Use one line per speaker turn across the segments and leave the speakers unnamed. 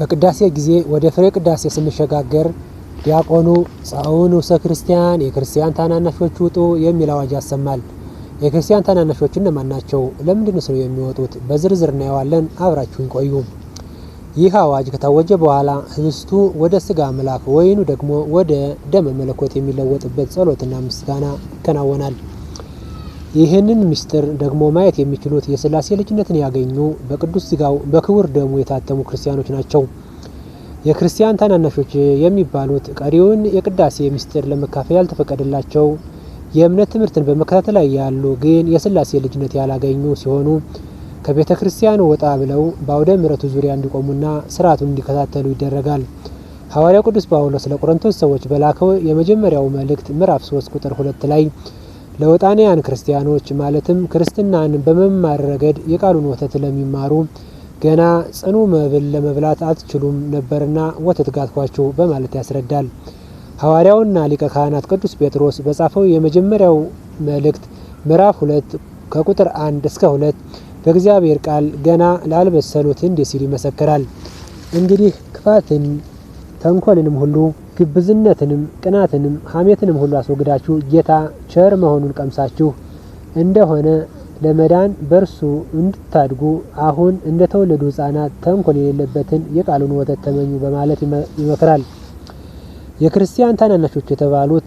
በቅዳሴ ጊዜ ወደ ፍሬ ቅዳሴ ስንሸጋገር ዲያቆኑ ጻውን ውሰ ክርስቲያን የክርስቲያን ታናናሾች ውጡ የሚል አዋጅ ያሰማል። የክርስቲያን ታናናሾች እነማን ናቸው? ለምንድን ነው የሚወጡት? በዝርዝር እናየዋለን። አብራችሁን ቆዩ። ይህ አዋጅ ከታወጀ በኋላ ህብስቱ ወደ ስጋ መላክ ወይኑ ደግሞ ወደ ደመ መለኮት የሚለወጥበት ጸሎትና ምስጋና ይከናወናል። ይህንን ምስጢር ደግሞ ማየት የሚችሉት የስላሴ ልጅነትን ያገኙ በቅዱስ ስጋው በክቡር ደሙ የታተሙ ክርስቲያኖች ናቸው። የክርስቲያን ታናናሾች የሚባሉት ቀሪውን የቅዳሴ ምስጢር ለመካፈል ያልተፈቀደላቸው የእምነት ትምህርትን በመከታተል ላይ ያሉ ግን የስላሴ ልጅነት ያላገኙ ሲሆኑ ከቤተ ክርስቲያኑ ወጣ ብለው በአውደ ምረቱ ዙሪያ እንዲቆሙና ስርዓቱን እንዲከታተሉ ይደረጋል። ሐዋርያው ቅዱስ ጳውሎስ ለቆሮንቶስ ሰዎች በላከው የመጀመሪያው መልእክት ምዕራፍ 3 ቁጥር 2 ላይ ለወጣንያን ክርስቲያኖች ማለትም ክርስትናን በመማር ረገድ የቃሉን ወተት ለሚማሩ ገና ጽኑ መብል ለመብላት አትችሉም ነበርና ወተት ጋትኳችሁ በማለት ያስረዳል። ሐዋርያውና ሊቀ ካህናት ቅዱስ ጴጥሮስ በጻፈው የመጀመሪያው መልእክት ምዕራፍ ሁለት ከቁጥር አንድ እስከ ሁለት በእግዚአብሔር ቃል ገና ላልበሰሉት እንዲህ ሲል ይመሰክራል። እንግዲህ ክፋትን ተንኮልንም ሁሉ ግብዝነትንም ቅናትንም ሐሜትንም ሁሉ አስወግዳችሁ ጌታ ቸር መሆኑን ቀምሳችሁ እንደሆነ ለመዳን በእርሱ እንድታድጉ አሁን እንደ ተወለዱ ሕፃናት ተንኮል የሌለበትን የቃሉን ወተት ተመኙ በማለት ይመክራል። የክርስቲያን ታናናሾች የተባሉት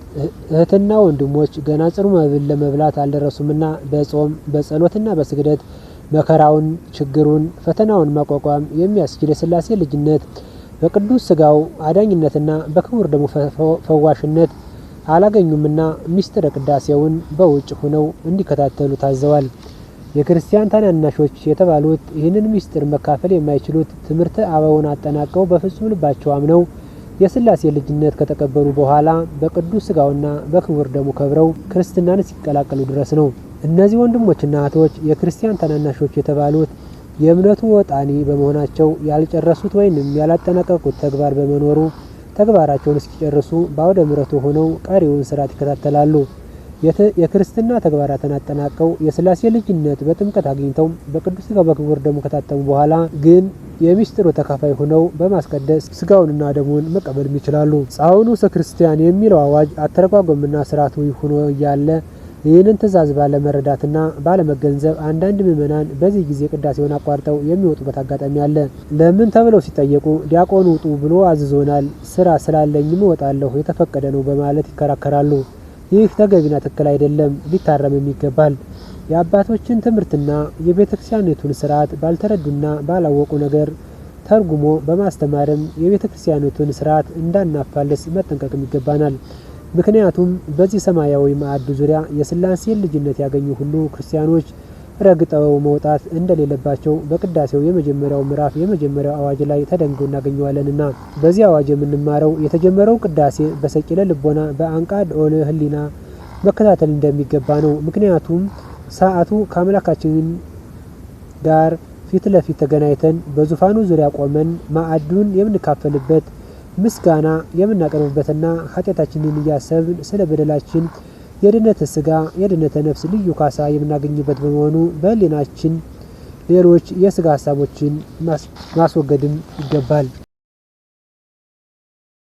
እህትና ወንድሞች ገና ጽኑ መብል ለመብላት አልደረሱምና በጾም በጸሎትና በስግደት መከራውን፣ ችግሩን፣ ፈተናውን መቋቋም የሚያስችል የስላሴ ልጅነት በቅዱስ ስጋው አዳኝነትና በክቡር ደሙ ፈዋሽነት አላገኙምና ምስጢረ ቅዳሴውን በውጭ ሆነው እንዲከታተሉ ታዘዋል። የክርስቲያን ታናናሾች የተባሉት ይህንን ምስጢር መካፈል የማይችሉት ትምህርተ አበውን አጠናቀው በፍጹም ልባቸው አምነው የስላሴ ልጅነት ከተቀበሉ በኋላ በቅዱስ ስጋውና በክቡር ደሙ ከብረው ክርስትናን ሲቀላቀሉ ድረስ ነው። እነዚህ ወንድሞችና እህቶች የክርስቲያን ታናናሾች የተባሉት የእምነቱ ወጣኒ በመሆናቸው ያልጨረሱት ወይንም ያላጠናቀቁት ተግባር በመኖሩ ተግባራቸውን እስኪጨርሱ በአውደ ምረቱ ሆነው ቀሪውን ስርዓት ይከታተላሉ። የክርስትና ተግባራትን አጠናቀው የስላሴ ልጅነት በጥምቀት አግኝተው በቅዱስ ሥጋው በክቡር ደሙ ከታተሙ በኋላ ግን የሚስጥሩ ተካፋይ ሆነው በማስቀደስ ስጋውንና ደሙን መቀበልም ይችላሉ። ጻውኑ ሰክርስቲያን የሚለው አዋጅ አተረጓጎምና ስርዓቱ ሆኖ እያለ ይህንን ትዕዛዝ ባለመረዳትና ባለመገንዘብ አንዳንድ ምዕመናን በዚህ ጊዜ ቅዳሴውን አቋርጠው የሚወጡበት አጋጣሚ አለ። ለምን ተብለው ሲጠየቁ ዲያቆን ውጡ ብሎ አዝዞናል፣ ስራ ስላለኝም እወጣለሁ፣ የተፈቀደ ነው በማለት ይከራከራሉ። ይህ ተገቢና ትክክል አይደለም፣ ሊታረምም ይገባል። የአባቶችን ትምህርትና የቤተ ክርስቲያኒቱን ስርዓት ባልተረዱና ባላወቁ ነገር ተርጉሞ በማስተማርም የቤተ ክርስቲያኒቱን ስርዓት እንዳናፋልስ መጠንቀቅም ይገባናል። ምክንያቱም በዚህ ሰማያዊ ማዕድ ዙሪያ የስላሴን ልጅነት ያገኙ ሁሉ ክርስቲያኖች ረግጠው መውጣት እንደሌለባቸው በቅዳሴው የመጀመሪያው ምዕራፍ የመጀመሪያው አዋጅ ላይ ተደንጎ እናገኘዋለንና በዚህ አዋጅ የምንማረው የተጀመረው ቅዳሴ በሰቂለ ልቦና በአንቃድ ሆነ ህሊና መከታተል እንደሚገባ ነው። ምክንያቱም ሰዓቱ ከአምላካችን ጋር ፊት ለፊት ተገናኝተን በዙፋኑ ዙሪያ ቆመን ማዕዱን የምንካፈልበት ምስጋና የምናቀርብበትና ኃጢአታችንን እያሰብን ስለ በደላችን የድነተ ስጋ የድነተ ነፍስ ልዩ ካሳ የምናገኝበት በመሆኑ በህሊናችን ሌሎች የስጋ ሀሳቦችን ማስወገድም ይገባል።